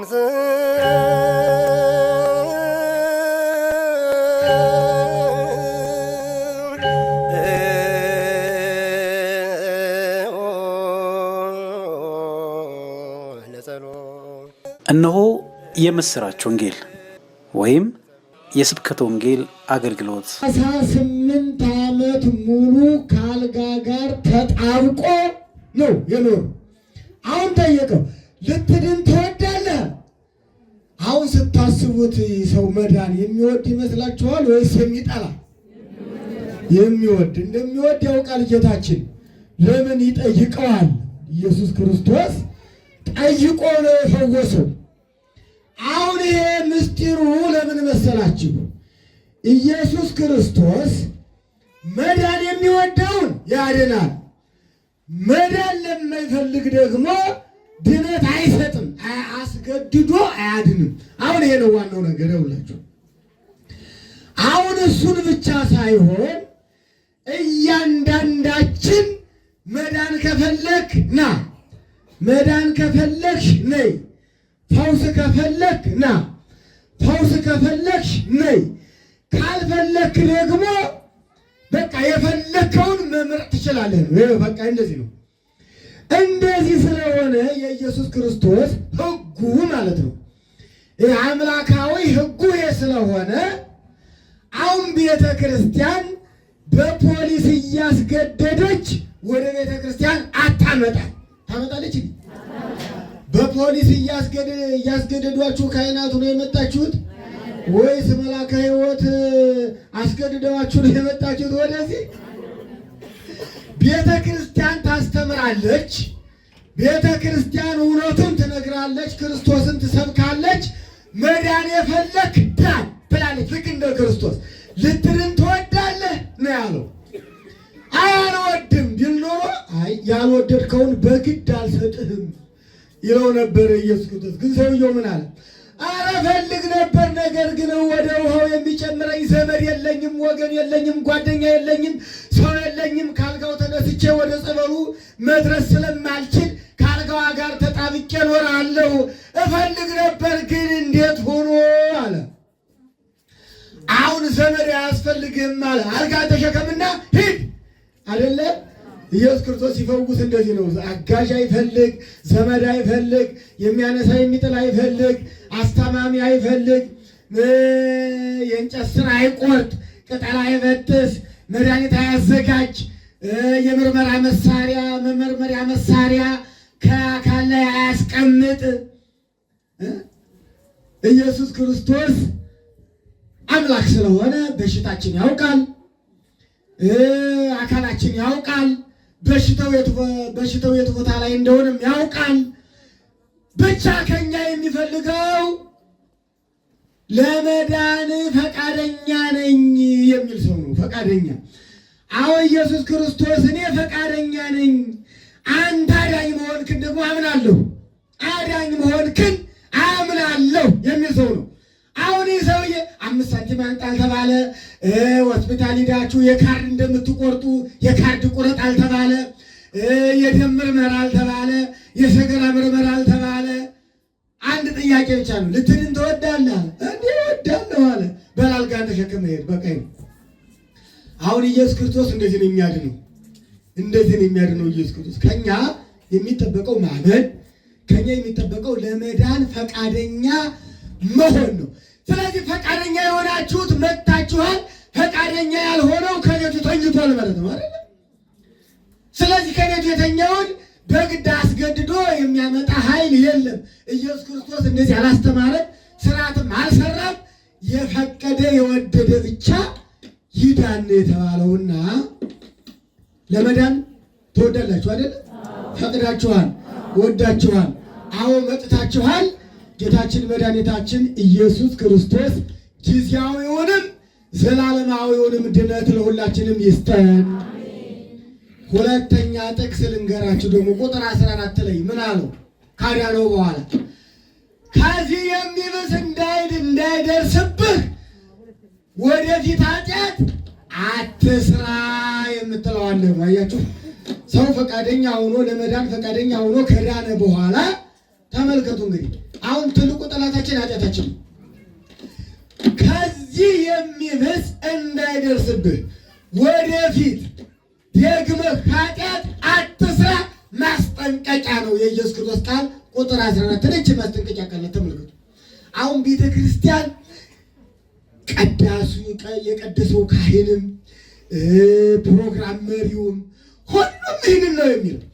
እነሆ የምስራች ወንጌል ወይም የስብከት ወንጌል አገልግሎት አስራ ስምንት ዓመት ሙሉ ከአልጋ ጋር ተጣብቆ ነው የኖሩ አሁን ጠየቀው ልትድን ትወዳለህ? አሁን ስታስቡት ሰው መዳን የሚወድ ይመስላችኋል ወይስ የሚጠላ? የሚወድ እንደሚወድ ያውቃል ጌታችን። ለምን ይጠይቀዋል? ኢየሱስ ክርስቶስ ጠይቆ ነው የፈወሰው። አሁን ይሄ ምስጢሩ ለምን መሰላችሁ? ኢየሱስ ክርስቶስ መዳን የሚወደውን ያድናል፣ መዳን ለማይፈልግ ደግሞ ድነት አይሰጥም፣ አስገድዶ አያድንም። አሁን ይሄ ነው ዋናው ነገር ያውላቸው። አሁን እሱን ብቻ ሳይሆን እያንዳንዳችን መዳን ከፈለክ ና፣ መዳን ከፈለክሽ ነይ፣ ፈውስ ከፈለክ ና፣ ፈውስ ከፈለክሽ ነይ። ካልፈለክ ደግሞ በቃ የፈለከውን መምረጥ ትችላለህ። በቃ እንደዚህ ነው። እንደዚህ ስለሆነ የኢየሱስ ክርስቶስ ህጉ ማለት ነው አምላካዊ ህጉ ይሄ ስለሆነ አሁን ቤተ ክርስቲያን በፖሊስ እያስገደደች ወደ ቤተ ክርስቲያን አታመጣም። ታመጣለች በፖሊስ እያስገደዷችሁ ካህናቱ ነው የመጣችሁት ወይስ መላከ ህይወት አስገድደዋችሁ ነው የመጣችሁት ወደዚህ ቤተ ክርስቲያን ታስተምራለች። ቤተ ክርስቲያን እውነቱን ትነግራለች፣ ክርስቶስን ትሰብካለች። መዳን የፈለክ ዳን ትላለች። ልክ እንደ ክርስቶስ ልትድን ትወዳለህ ነው ያለው። አይ አልወድም ቢል ኖሮ አይ ያልወደድከውን በግድ አልሰጥህም ይለው ነበር ኢየሱስ ክርስቶስ። ግን ሰውየው ምን አለ? አረ ፈልግ ነበር፣ ነገር ግን ወደ ውሃው የሚጨምረኝ ዘመድ የለኝም፣ ወገን የለኝም፣ ጓደኛ የለኝም፣ ሰው የለኝም ተነስቼ ወደ ጸበሉ መድረስ ስለማልችል ከአልጋዋ ጋር ተጣብቄ እኖራለሁ። እፈልግ ነበር ግን እንዴት ሆኖ አለ። አሁን ዘመድ አያስፈልግም አለ። አልጋ ተሸከምና ሂድ አደለ። ኢየሱስ ክርስቶስ ሲፈውስ እንደዚህ ነው። አጋዥ አይፈልግ፣ ዘመድ አይፈልግ፣ የሚያነሳ የሚጥል አይፈልግ፣ አስተማሚ አይፈልግ፣ የእንጨት ስራ አይቆርጥ፣ ቅጠል አይበጥስ፣ መድኃኒት አያዘጋጅ የምርመራ መሳሪያ መመርመሪያ መሳሪያ ከአካል ላይ አያስቀምጥ። ኢየሱስ ክርስቶስ አምላክ ስለሆነ በሽታችን ያውቃል፣ አካላችን ያውቃል፣ በሽታው የቱ ቦታ ላይ እንደሆነም ያውቃል። ብቻ ከኛ የሚፈልገው ለመዳን ፈቃደኛ ነኝ የሚል ሰው ነው። ፈቃደኛ አዎ ኢየሱስ ክርስቶስ እኔ ፈቃደኛ ነኝ፣ አንተ አዳኝ መሆንክን ደግሞ አምናለሁ፣ አዳኝ መሆንክን አምናለሁ የሚል ሰው ነው። አሁን ይህ ሰውዬ አምስት ሳንቲም አንጣ አልተባለ፣ ሆስፒታል ሂዳችሁ የካርድ እንደምትቆርጡ የካርድ ቁረጥ አልተባለ፣ የደም ምርመራ አልተባለ፣ የሰገራ ምርመራ አልተባለ። አንድ ጥያቄ ብቻ ነው። ልትድን ትወዳለህ? እንዲህ እወዳለሁ አለ። በላልጋ ተሸክመ ሄድ በቀኝ አሁን ኢየሱስ ክርስቶስ እንደዚህ ነው የሚያድነው፣ እንደዚህ ነው የሚያድነው ኢየሱስ ክርስቶስ። ከኛ የሚጠበቀው ማመን፣ ከኛ የሚጠበቀው ለመዳን ፈቃደኛ መሆን ነው። ስለዚህ ፈቃደኛ የሆናችሁት መጥታችኋል፣ ፈቃደኛ ያልሆነው ከቤቱ ተኝቷል ማለት ነው አይደል? ስለዚህ ከቤቱ የተኛውን በግድ አስገድዶ የሚያመጣ ኃይል የለም። ኢየሱስ ክርስቶስ እንደዚህ አላስተማረም፣ ስርዓትም አልሰራም። የፈቀደ የወደደ ብቻ ይዳን የተባለውና ለመዳን ትወዳላችሁ አይደል? ፈቅዳችኋል፣ ወዳችኋል፣ አዎ መጥታችኋል። ጌታችን መድኃኒታችን ኢየሱስ ክርስቶስ ጊዜያዊውንም ዘላለማዊውንም ድነት ለሁላችንም ይስጠን። ሁለተኛ ጥቅስ ልንገራችሁ ደግሞ ቁጥር 14 ላይ ምን አለው? ካዳነው በኋላ ከዚህ የሚብስ እንዳይድ እንዳይደርስብህ ወደፊት ኃጢአት አትስራ የምትለዋለ አያችሁ። ሰው ፈቃደኛ ሆኖ ለመዳን ፈቃደኛ ሆኖ ከዳነ በኋላ ተመልከቱ እንግዲህ አሁን ትልቁ ጠላታችን ኃጢአታችን ነው። ከዚህ የሚብስ እንዳይደርስብህ ወደፊት ደግመህ ኃጢአት አትስራ ማስጠንቀቂያ ነው የኢየሱስ ክርስቶስ ቃል ቁጥር 14 ነች። ማስጠንቀቂያ ቃል ተመልከቱ። አሁን ቤተ ክርስቲያን ቀዳሱ የቀደሰው ካህንም ፕሮግራም መሪውም ሁሉም ይህንን ነው የሚለው።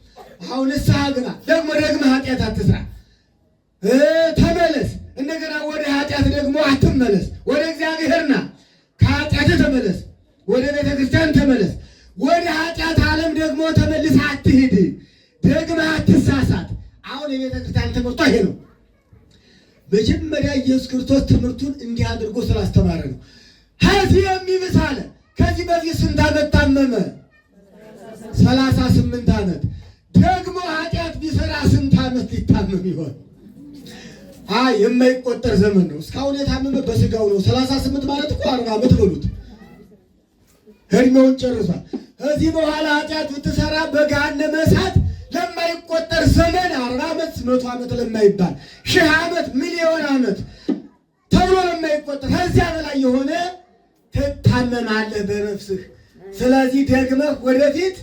አሁን ንስሐ ግባ፣ ደግሞ ደግሞ ኃጢአት አትስራ፣ ተመለስ። እንደገና ወደ ኃጢአት ደግሞ አትመለስ፣ ወደ እግዚአብሔር ና፣ ከኃጢአት ተመለስ፣ ወደ ቤተ ክርስቲያን ተመለስ፣ ወደ ኃጢአት ዓለም ደግሞ ተመልሰህ አትሂድ፣ ደግመህ አትሳሳት። አሁን የቤተ ክርስቲያን ትምህርቷ ይሄ ነው። መጀመሪያ ኢየሱስ ክርስቶስ ትምህርቱን እንዲህ አድርጎ ስላስተማረ ነው። ሀዚህ የሚብስ አለ። ከዚህ በፊት ስንት ዓመት ታመመ? ሰላሳ ስምንት ዓመት ደግሞ ኃጢአት ቢሰራ ስንት ዓመት ሊታመም ይሆን? አይ የማይቆጠር ዘመን ነው። እስካሁን የታመመ በስጋው ነው። ሰላሳ ስምንት ማለት እኮ አርባ ዓመት በሉት፣ እድሜውን ጨርሷል። ከዚህ በኋላ ኃጢአት ብትሰራ በገሃነመ እሳት ለማይቆጠር ዘመን አርባ ዓመት መቶ ዓመት ለማይባል ሺህ ዓመት ሚሊዮን ዓመት ተብሎ ለማይቆጠር ከዚያ በላይ የሆነ ትታመማለህ በነፍስህ። ስለዚህ ደግመህ ወደፊት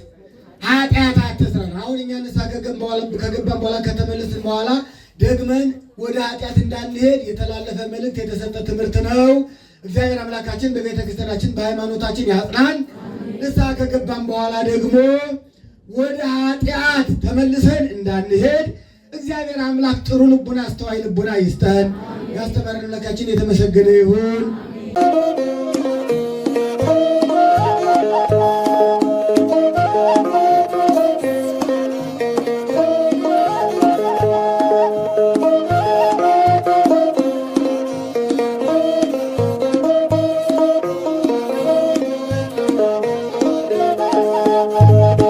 ኃጢአት አትስራ። አሁን እኛ ንስሐ ከገባን በኋላ ከተመለስን በኋላ ደግመን ወደ ኃጢአት እንዳንሄድ የተላለፈ መልእክት የተሰጠ ትምህርት ነው። እግዚአብሔር አምላካችን በቤተክርስቲያናችን በሃይማኖታችን ያጽናን። ንስሐ ከገባን በኋላ ደግሞ ወደ ኃጢአት ተመልሰን እንዳንሄድ እግዚአብሔር አምላክ ጥሩ ልቡና፣ አስተዋይ ልቡና ይስጠን። ያስተማረን አምላካችን የተመሰገነ ይሁን።